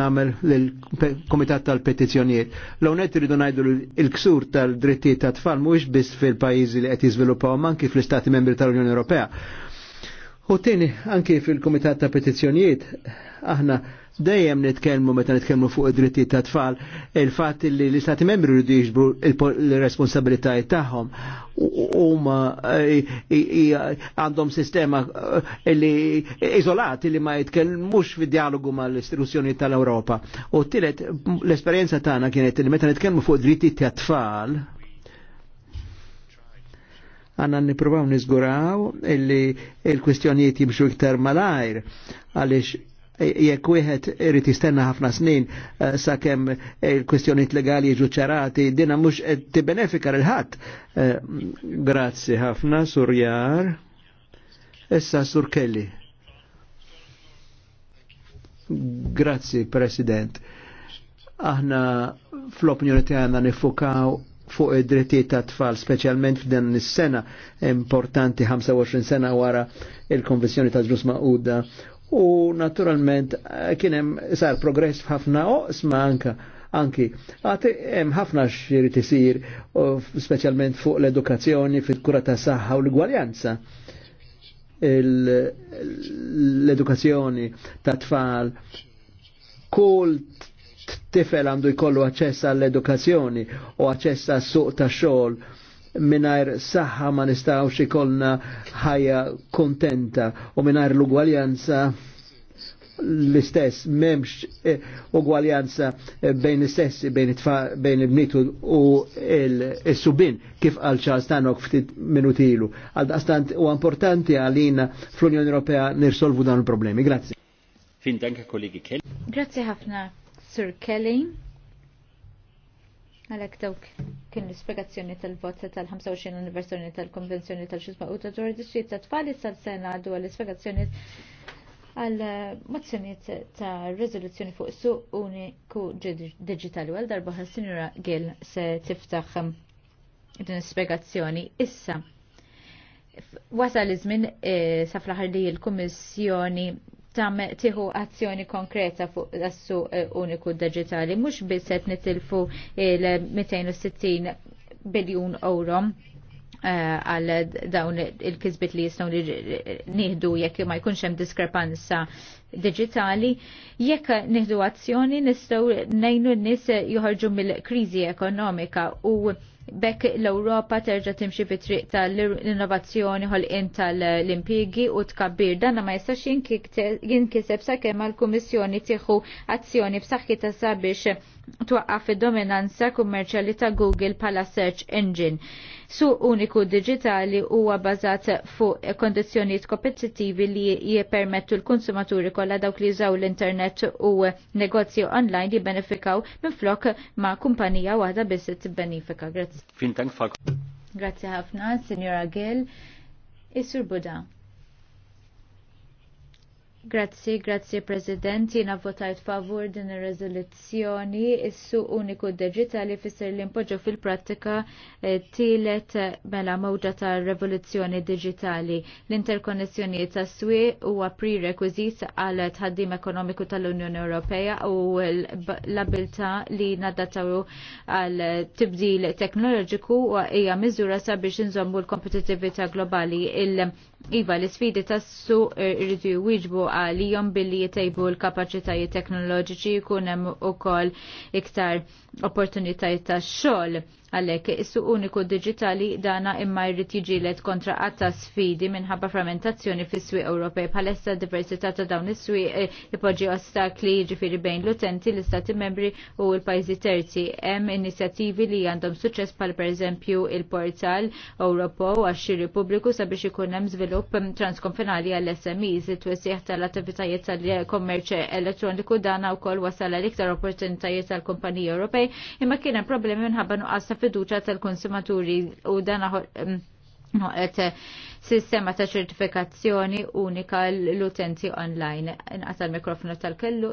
nagħmel lill-Kumitat tal-Petizzjonijiet. L-hawnhekk iridu ngħidu l-ksur tal-drittijiet tat-tfal mhuwiex biss fil-pajjiżi li qed jiżviluppaw anki fl-Istati Membri tal-Unjoni Ewropea. U tieni anki fil-Kumitat ta' Petizzjonijiet Aħna dejjem nitkellmu meta nitkellmu fuq id-drittijiet ta' tfal il-fatt li l-istati membri rridu jiġbru l-responsabilitajiet tagħhom huma għandhom sistema eh, li iżolati li ma jitkellmux fi dialogu mal-istituzzjoni tal-Ewropa. U tilet l-esperjenza tagħna kienet li meta nitkellmu fuq drittijiet ta' tfal għanna nipruvaw nizguraw illi il-kwistjonijiet jimxu iktar malajr għalix jekk wieħed irid jistenna ħafna snin eh, sakemm il-kwestjonijiet legali jiġu ċarati, dina mhux qed tibbenefika lil ħadd. Eh, grazzi ħafna, Surjar. Issa Sur Kelly. Grazzi, President. Aħna fl-opinjoni tiegħna nifukaw fuq id-drittijiet ta' tfal, speċjalment f'dan is-sena importanti 25 sena wara il-Konvenzjoni ta' Ġlus Maquda u naturalment eh, kienem sar progress f'ħafna oqsma anka anki għati hemm ħafna xiri tisir specialment fuq l-edukazzjoni fil-kura ta' saħħa u l-gwaljanza l-edukazzjoni ta' tfal kull tifel għandu jkollu aċċess għall-edukazzjoni u aċċess għas suq ta' xogħol minnajr saħħa ma nistawx ikollna ħajja kontenta u minnajr l-ugwaljanza l-istess, memx eh, ugwaljanza eh, bejn istess bejn bejn il-bnitu u il-subin kif għal Charles Tannock ftit minutilu. Għal daqstant u importanti għalina fl-Unjoni Ewropea nirsolvu dan il-problemi. Grazie. Fin danka kollegi Kelly. Grazie ħafna, Sir Kelly. Għalek dawk kien l-spiegazzjoni tal-vot tal-25 anniversarju tal-Konvenzjoni tal-ċizma u d ġordiċi ta' tfali sal-sena għaddu għal-spiegazzjoni għal mozzjoniet ta' rezoluzzjoni fuq su uniku digitali għal darba għal-sinjura għil se tiftaħ din spiegazzjoni issa. Wasal iż-żmien eh, sa fl-aħħar li l-Kummissjoni tam tiħu azzjoni konkreta fuq l-assu eh, uniku digitali, mux biset nitilfu il-260 biljun euro eh, għal dawn il-kizbit li jisnaw li nieħdu jekk ma jkunx hemm diskrepanza digitali, jekk nieħdu azzjoni nistgħu nejnu n-nies joħorġu mill-kriżi ekonomika u Bekk l-Europa terġa timxi fit-triq tal-innovazzjoni ħolqien tal-impigi u tkabbir. Danna ma jistax jinkiseb sakemm għal-Kummissjoni tieħu azzjoni b'saħħitha sabiex twaqqaf id-dominanza kummerċjali ta' Google pala search engine. Su uniku digitali huwa bażat fuq kondizzjonijiet kompetittivi li jippermettu l-konsumaturi kollha dawk li jużaw l-internet u negozju online li benefikaw minn flok ma' kumpanija waħda biss tibbenifika. Grazzi. Grazzi ħafna, Signora Gill. Is-Sur Buda. Grazzi, grazzi President, jina votajt favur din ir-rezoluzzjoni issu uniku digitali fisser li impoġġu fil-prattika eh, tielet mela mowġa ta' rivoluzzjoni digitali. L-interkonnessjoni ta' swi huwa prerequisite għal tħaddim ekonomiku tal-Unjoni Ewropea u l-abilta li nadataru għal tibdil teknoloġiku hija miżura sabiex inżommu l-kompetitività globali. Iva, l-sfidi tassu eh, irridu jwiġbu għalijom billi jtejbu l-kapacitajiet teknoloġiċi kunem u kol iktar opportunitajiet ta' xogħol għalhekk is-suq uniku Digitali dana imma jrid jiġilet kontra qatta sfidi minħabba frammentazzjoni fis-swieq Ewropej bħalissa diversità ta' dawn is-swieq eh, ipoġġi ostakli jiġifieri bejn l-utenti, l-istati membri u l-pajjiżi terzi. Hemm inizjattivi li għandhom suċċess bħal pereżempju il-portal Europo għax-xiri pubbliku sabiex ikun hemm żvilupp transkonfinali għall-SMEs it-twissieħ tal-attivitajiet tal-kommerċ elettroniku dana wkoll wasal għal iktar opportunitajiet tal-kumpaniji Ewropej Ewropej imma kien hemm problemi minħabba nuqqas ta' fiduċja tal-konsumaturi u dan noqgħet eh, sistema ta' ċertifikazzjoni unika l-utenti online. Inqata l-mikrofonu tal-kellu,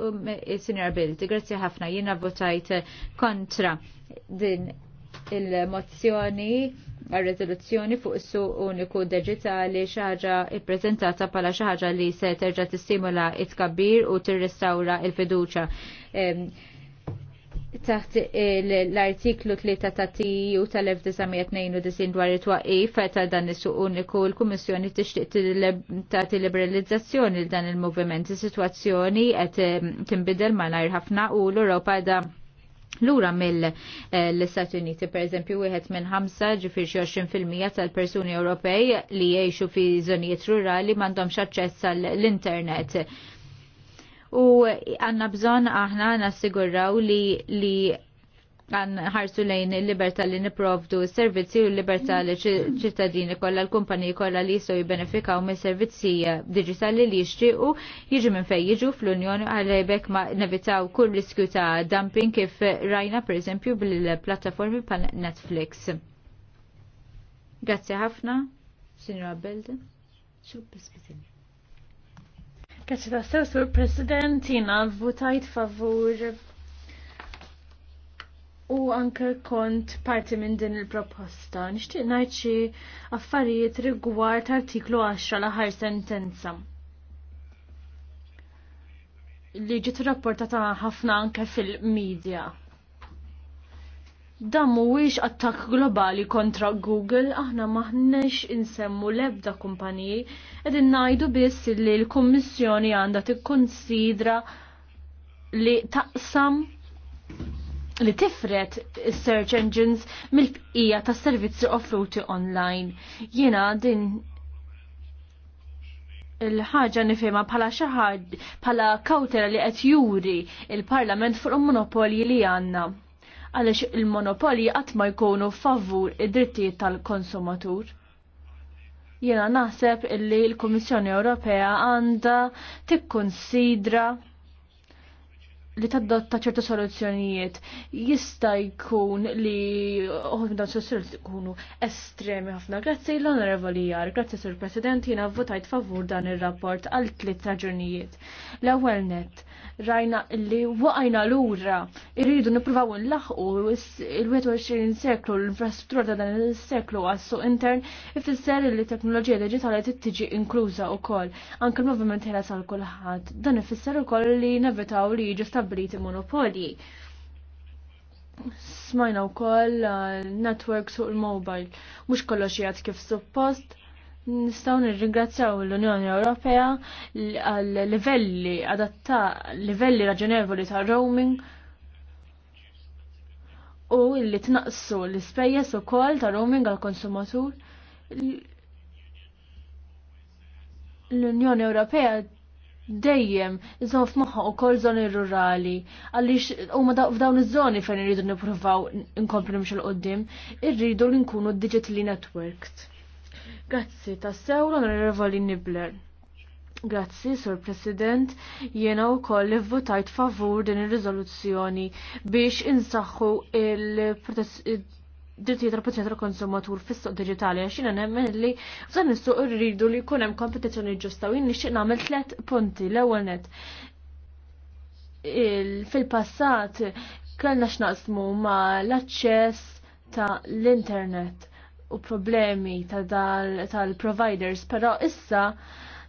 Sinjor Bilt, grazzi ħafna Jiena votajt kontra din il-mozzjoni għal-rezoluzzjoni fuq su uniku digitali ppreżentata ippreżentata pala ħaġa li se terġa tistimula it-kabir u tirrestawra il-fiduċa taħt l-artiklu 3 ta' TIU tal-1992 dwar it-twaqif ta' dan is-suq uniku l-Kummissjoni tixtieq ta' liberalizzazzjoni l dan il-moviment. Is-sitwazzjoni qed ehm, tinbidel malajr ħafna u l-Ewropa da Lura mill-Istati eh, Uniti, per eżempju, wieħed minn ħamsa ġifir fil-mija tal-persuni Ewropej li jgħixu fi żonijiet rurali m'għandhomx aċċess għall-internet u għanna bżon aħna nassiguraw li li għan ħarsu lejn il-libertà li niprovdu s-servizzi u l-libertà li ċittadini kolla l-kumpaniji kolla li jistaw jibenefikaw me servizzi eh, digitali li jixtiequ jiġu minn fej jiġu fl-Unjoni għalajbek ma nevitaw kull riskju ta' dumping kif rajna per eżempju bil-plattaformi pa' Netflix. Grazzi ħafna, Sinjora Belden. Xubbispitin. Grazie ta' sew, sur President, jina votajt favur u anke kont parti minn din il-proposta. Nixtieq ngħid xi affarijiet rigward artiklu 10 l-aħħar sentenza. Li ġiet rapportata ħafna anke fil-medja. Dan mhuwiex attakk globali kontra Google, aħna maħnex insemmu l-ebda kumpaniji, qegħdin ngħidu biss li l-Kummissjoni għandha tikkonsidra li taqsam li tifret search engines mill-bqija ta' servizzi offruti online. Jiena din il-ħaġa nifhimha bħala xi bħala kawtela li qed juri il-Parlament fuq il-monopolji li għandna għaliex il-monopoli qatt ma jkunu favur id-drittijiet tal-konsumatur. Jena naħseb illi l-Kummissjoni Ewropea għandha tikkonsidra li tadotta ċertu soluzzjonijiet jista' jkun li uħud dan soluzzjonijiet ikunu estremi ħafna. Grazzi l-Onorevoli Jar, grazzi Sur President, jiena votajt favur dan ir-rapport għal tliet raġunijiet. L-ewwel net, rajna li waqajna lura irridu nippruvaw nlaħqu il-21 seklu l-infrastruttura ta' dan is-seklu għassu intern ifisser li t-teknoloġija diġitali tittiġi inkluża wkoll. Anke l-moviment ħeles sal kulħadd. Dan ifisser ukoll li nevitaw li jiġi stabiliti monopoli. Smajna wkoll uh, network fuq il-mobile mhux kollox jgħid kif suppost. Nistgħu nirringrazzjaw l-Unjoni Ewropea għal livelli adatta livelli raġonevoli ta' roaming u li tnaqsu l-ispejjeż ukoll ta' roaming għal konsumatur l-Unjoni Ewropea dejjem iżom f'moħħa u kol zoni rurali, għalix u ma f'dawn iż-żoni fejn irridu nippruvaw nkomplu nimxu l-qoddim, irridu li nkunu digitally networked. Grazzi, tassew l-onorevoli Nibler. Grazzi, Sur President, jiena u koll votajt favur din ir-riżoluzzjoni biex insaħħu il-protezzjoni drittijiet jitra protezzjoni tal-konsumatur fis-suq digitali għax jiena nemmen li f'dan is-suq irridu li jkun hemm kompetizzjoni ġusta u jien nixtieq nagħmel tliet punti l-ewwel net. Fil-passat kellna x'naqsmu ma l-aċċess ta' l-internet u problemi ta' tal-providers, però issa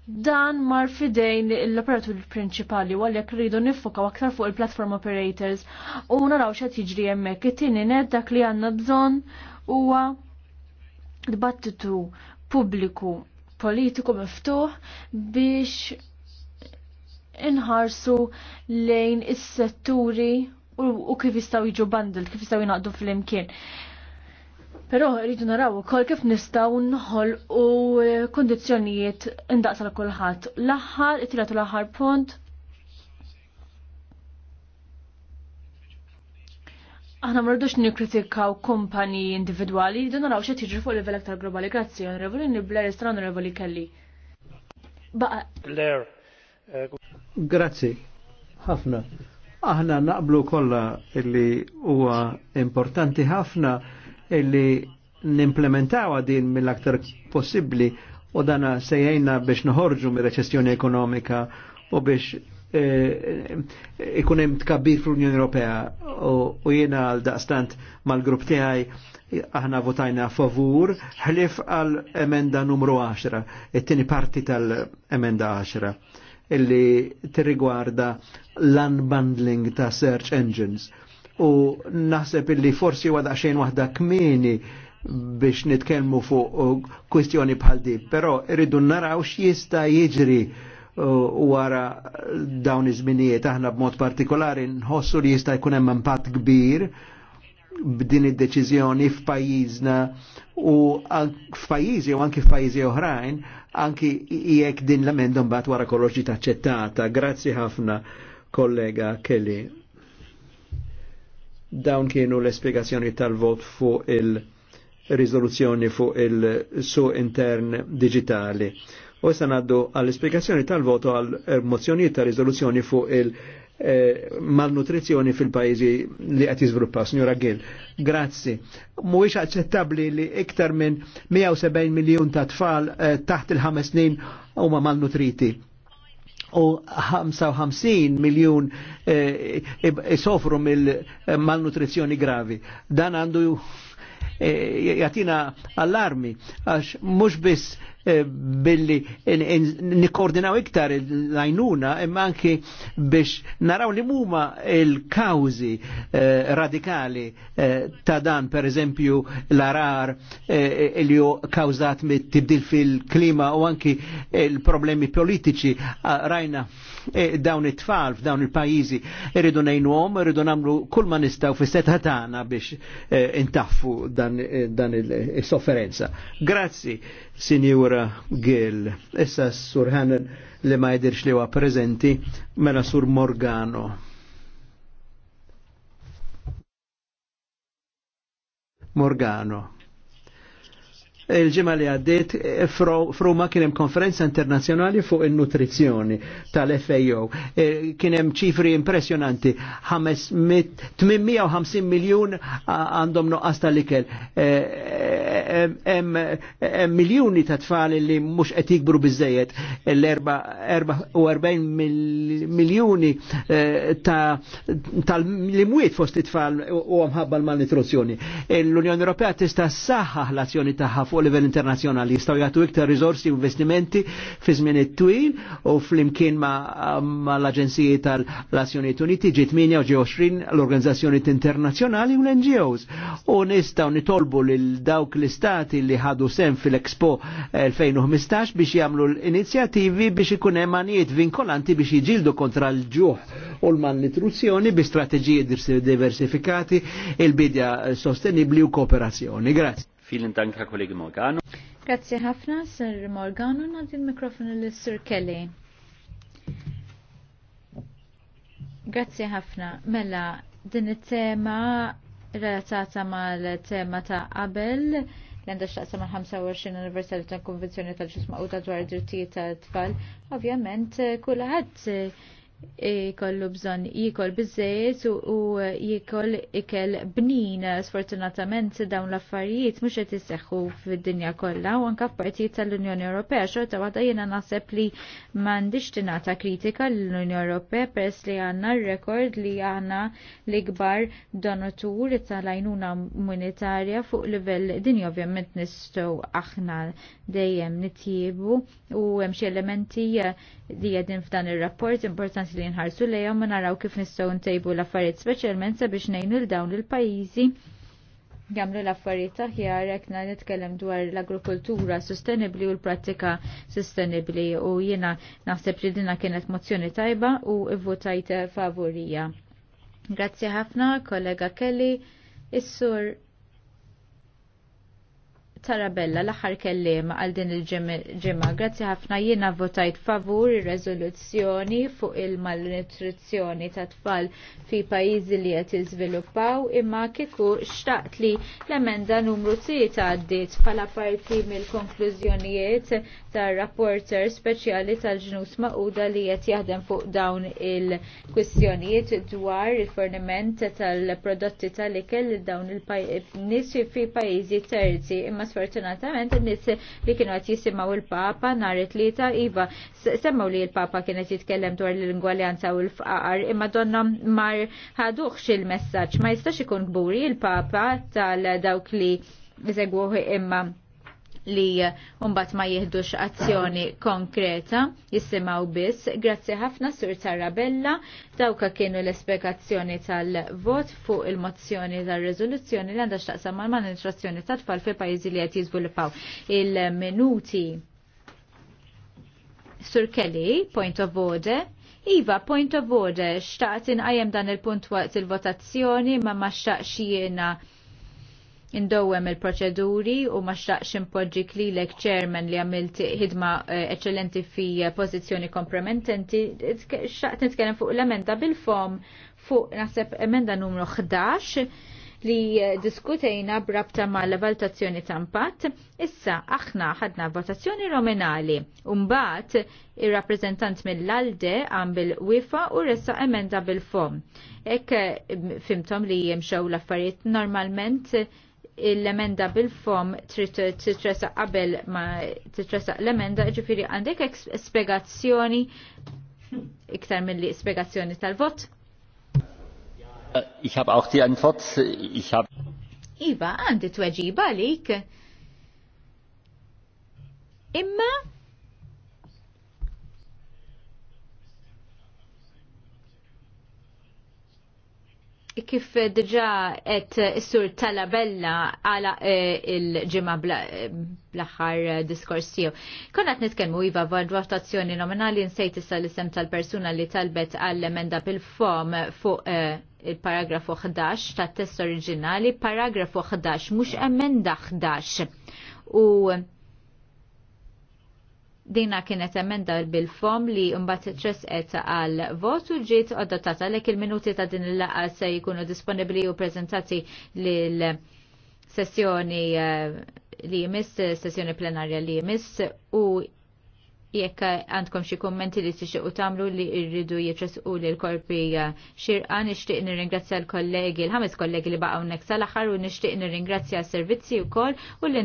dan mar fidejn l-operatur prinċipali u għalhekk rridu u aktar fuq il-platform operators u naraw xa jiġri hemmhekk. It-tieni net dak li għandna bżonn huwa dibattitu pubbliku politiku miftuħ biex inħarsu lejn is-setturi u kif jistgħu jiġu bandil, kif jistgħu jinaqdu fl-imkien. Pero rridu naraw ukoll kif nistgħu nħolqu eh, kundizzjonijiet indaqsa kulħadd. L-aħħar, it-tielet l-aħħar punt. Aħna ma rridux nikkritikaw kumpaniji individwali, rridu naraw xi tiġri fuq livell aktar globali. Grazzi, onorevoli Nibler, istra onorevoli Kelly. Baqa. Eh, Grazzi, ħafna. Aħna naqblu kollha illi huwa importanti ħafna illi nimplementawa din mill-aktar possibli u dana sejjajna biex noħorġu mir reċessjoni ekonomika u biex eh, ikun hemm tkabbir fl-Unjoni Ewropea u jiena għal daqstant mal-grupp tiegħi aħna votajna favur ħlif għal emenda numru 10, it-tieni parti tal-emenda 10 illi tirrigwarda l-unbundling ta' search engines u naħseb illi forsi wada xejn waħda kmini biex nitkellmu fuq uh, kwistjoni bħal di, però irridu naraw x'jista' jiġri uh, wara dawn iż-żminijiet aħna b'mod partikolari nħossu li jista' jkun hemm impatt kbir b'din id-deċiżjoni f'pajjiżna u f'pajjiżi u anki f'pajjiżi oħrajn anki jekk din l-emendum bat wara kollox ġiet aċċettata. Grazzi ħafna kollega Kelly. Dawn kienu l esplikazzjoni tal-vot fuq il-rizoluzzjoni fuq il-su intern digitali. U issa naddu għall esplikazzjoni tal-voto għall-mozzjoni ta' rizoluzzjoni fuq il- eh, malnutrizzjoni fil-pajizi li qed jiżviluppaw, Signora Gill. Grazzi. Mhuwiex aċċettabbli li iktar minn 170 miljun ta' tfal eh, taħt il-ħames snin huma malnutriti u 55 miljon eh, sofru mill-malnutrizzjoni gravi. Dan għandu Eh, jatina allarmi għax mux biss eh, billi nikordinaw iktar l ajnuna imma anki biex naraw li muma il-kawzi eh, radikali ta' dan per eżempju l-arar li ju kawzat mit-tibdil fil-klima u anki il-problemi politiċi ah, rajna Eh, dawn it-tfal f'dawn il-pajjiżi irridu ngħinuhom, irridu nagħmlu kull ma nistgħu fis-seta tagħna biex eh, intaffu dan, eh, is sofferenza Grazzi, Sinjura Gill. Issa Sur Hanen li ma jidirx li huwa preżenti mela Sur Morgano. Morgano il-ġimgħa li għaddiet eh, fruma kien hemm konferenza internazzjonali fuq in-nutrizzjoni tal-FAO. Eh, kien hemm ċifri impressjonanti 850 miljun għandhom noqqas tal-ikel. Eh, hemm miljuni ta' tfal li mhux qed jikbru bizzejet, l-44 miljuni ta' tal-limwiet fost it-tfal u għamħabba l malnutrizjoni L-Unjoni Ewropea tista' saħħa l-azzjoni taħħa fuq livell internazjonali jistgħu jagħtu iktar riżorsi u investimenti fi żmien it-twil u flimkien ma, ma l-Aġenziji tal-Nazzjonijiet Uniti ġiet 8 u ġewxrin l-Organizzazzjonijiet Internazzjonali u l-NGOs. U nistgħu nitolbu lil dawk l-istati li ħadu sem fil-Expo 2015 biex jagħmlu l-inizjattivi biex ikun hemm vinkolanti biex jiġildu kontra l-ġuħ u l-malnutrizzjoni bi strateġiji diversifikati, il-bidja sostenibli u kooperazzjoni. Grazie. Vielen Dank, Herr Kollege Morgano. Grazie ħafna, Sir Morgano, nadi l-mikrofonu l-Sir Kelly. Grazie ħafna. Mela, din it-tema relatata mal-tema ta' qabel l-għanda xtaqsa ma' 25 anniversari ta' konvenzjoni tal-ġusma u ta' dwar id-drittijiet tal tfal, ovvjament kullħat jikollu bżon jikol bizzejt u jikol ikel bnin sfortunatament dawn l-affarijiet mux qed jisseħu fid-dinja kollha u anke f'partijiet tal-Unjoni Ewropea xorta waħda jiena naħseb li m'għandix tingħata kritika l-Unjoni Ewropea peress li għandna r-rekord li għandna l-ikbar donatur tal-għajnuna monetarja fuq livell dinja ovvjament nistgħu aħna dejjem nitjiebu u hemm xi elementi li għedin f'dan ir-rapport importanti li nħarsu lejhom ma naraw kif nistgħu ntejbu l-affarijiet speċjalment sabiex ngħinu l dawn il-pajjiżi jagħmlu l-affarijiet aħjar jekk nitkellem dwar l-agrikoltura sostenibbli u l-prattika sostenibbli u jiena naħseb li dina kienet mozzjoni tajba u ivvotajte favorija. Grazzi ħafna, kollega Kelly, is-sur Tarabella l-aħħar kelliem għal din il-ġimma. Grazzi ħafna jiena votajt favur ir-reżoluzzjoni fuq il-malnutrizzjoni ta' tfal fi pajjiżi li qed jiżviluppaw imma kieku xtaqt li l-emenda numru 3 għaddiet bħala parti mill-konklużjonijiet tar-rapporter speċjali tal-ġnus maquda li qed jaħdem fuq dawn il-kwistjonijiet dwar il-forniment tal-prodotti tal-ikel dawn il-nies fi pajjiżi terzi imma sfortunatament n-nis li kienu għat jisimaw il-Papa nar it-tlieta iva semmaw li il-Papa kienet jitkellem dwar l-ingwaljanza u l faqar imma donna mar ħaduħx il-messaġġ ma jistax ikun gburi il-Papa tal-dawk li segwuħi imma li mbagħad ma jieħdux azzjoni konkreta jissimaw biss. Grazzi ħafna Sur Tarabella dawka kienu l-esplikazzjoni tal-vot fuq il-mozzjoni tal rezoluzzjoni li għandha x'taqsam mal-manifestazzjoni tal tfal fi pajjiżi li qed jiżviluppaw il-minuti Sur Kelly, point of order. Iva, point of order, xtaqt għajem dan il-punt waqt il-votazzjoni ma ma xtaqxijena indowem il-proċeduri u ma xtaqx impoġġi klilek chairman li għamilt ħidma eccellenti eh, fi eh, pozizjoni komplemententi, xtaqt nitkellem fuq l-emenda bil-fom fuq naħseb emenda numru 11 li eh, diskutejna brabta ma l-valutazzjoni tampat, issa aħna ħadna votazzjoni nominali. mbagħad il rappreżentant mill-alde għam bil-wifa u ressa emenda bil-fom. Ek fimtom li jimxew l-affarijiet normalment l-emenda bil-fom trid titresa qabel ma titresa l-emenda, ġifiri għandek spiegazzjoni iktar mill-li spiegazzjoni tal-vot? Uh, ich habe auch die Antwort. Ich habe Iva, għandi tweġiba għalik. Imma kif diġa et sur Talabella għala eh, il-ġimma bl-axar diskors tiegħu. Konnat nitkellmu iva l-votazzjoni nominali nsejt issa l-isem tal-persuna li talbet għall-emenda bil-fom fuq eh, il-paragrafu 11 tat-test oriġinali, paragrafu 11 mhux emenda 11. U Dina kienet emenda bil-fom li mbagħad ċesqet għal vot u ġiet adottata lek il-minuti ta' din il-laqgħa se jkunu disponibbli u preżentati lil sessjoni eh, li jmiss, sessjoni plenarja li jmiss u jekk għandkom xi kummenti li tixtiequ tagħmlu li rridu li l korpi eh, xirqa nixtieq nirringrazzja l-kollegi, l-ħames kollegi li baqgħu nek sal-aħħar u nixtieq nirringrazzja s-servizzi wkoll u l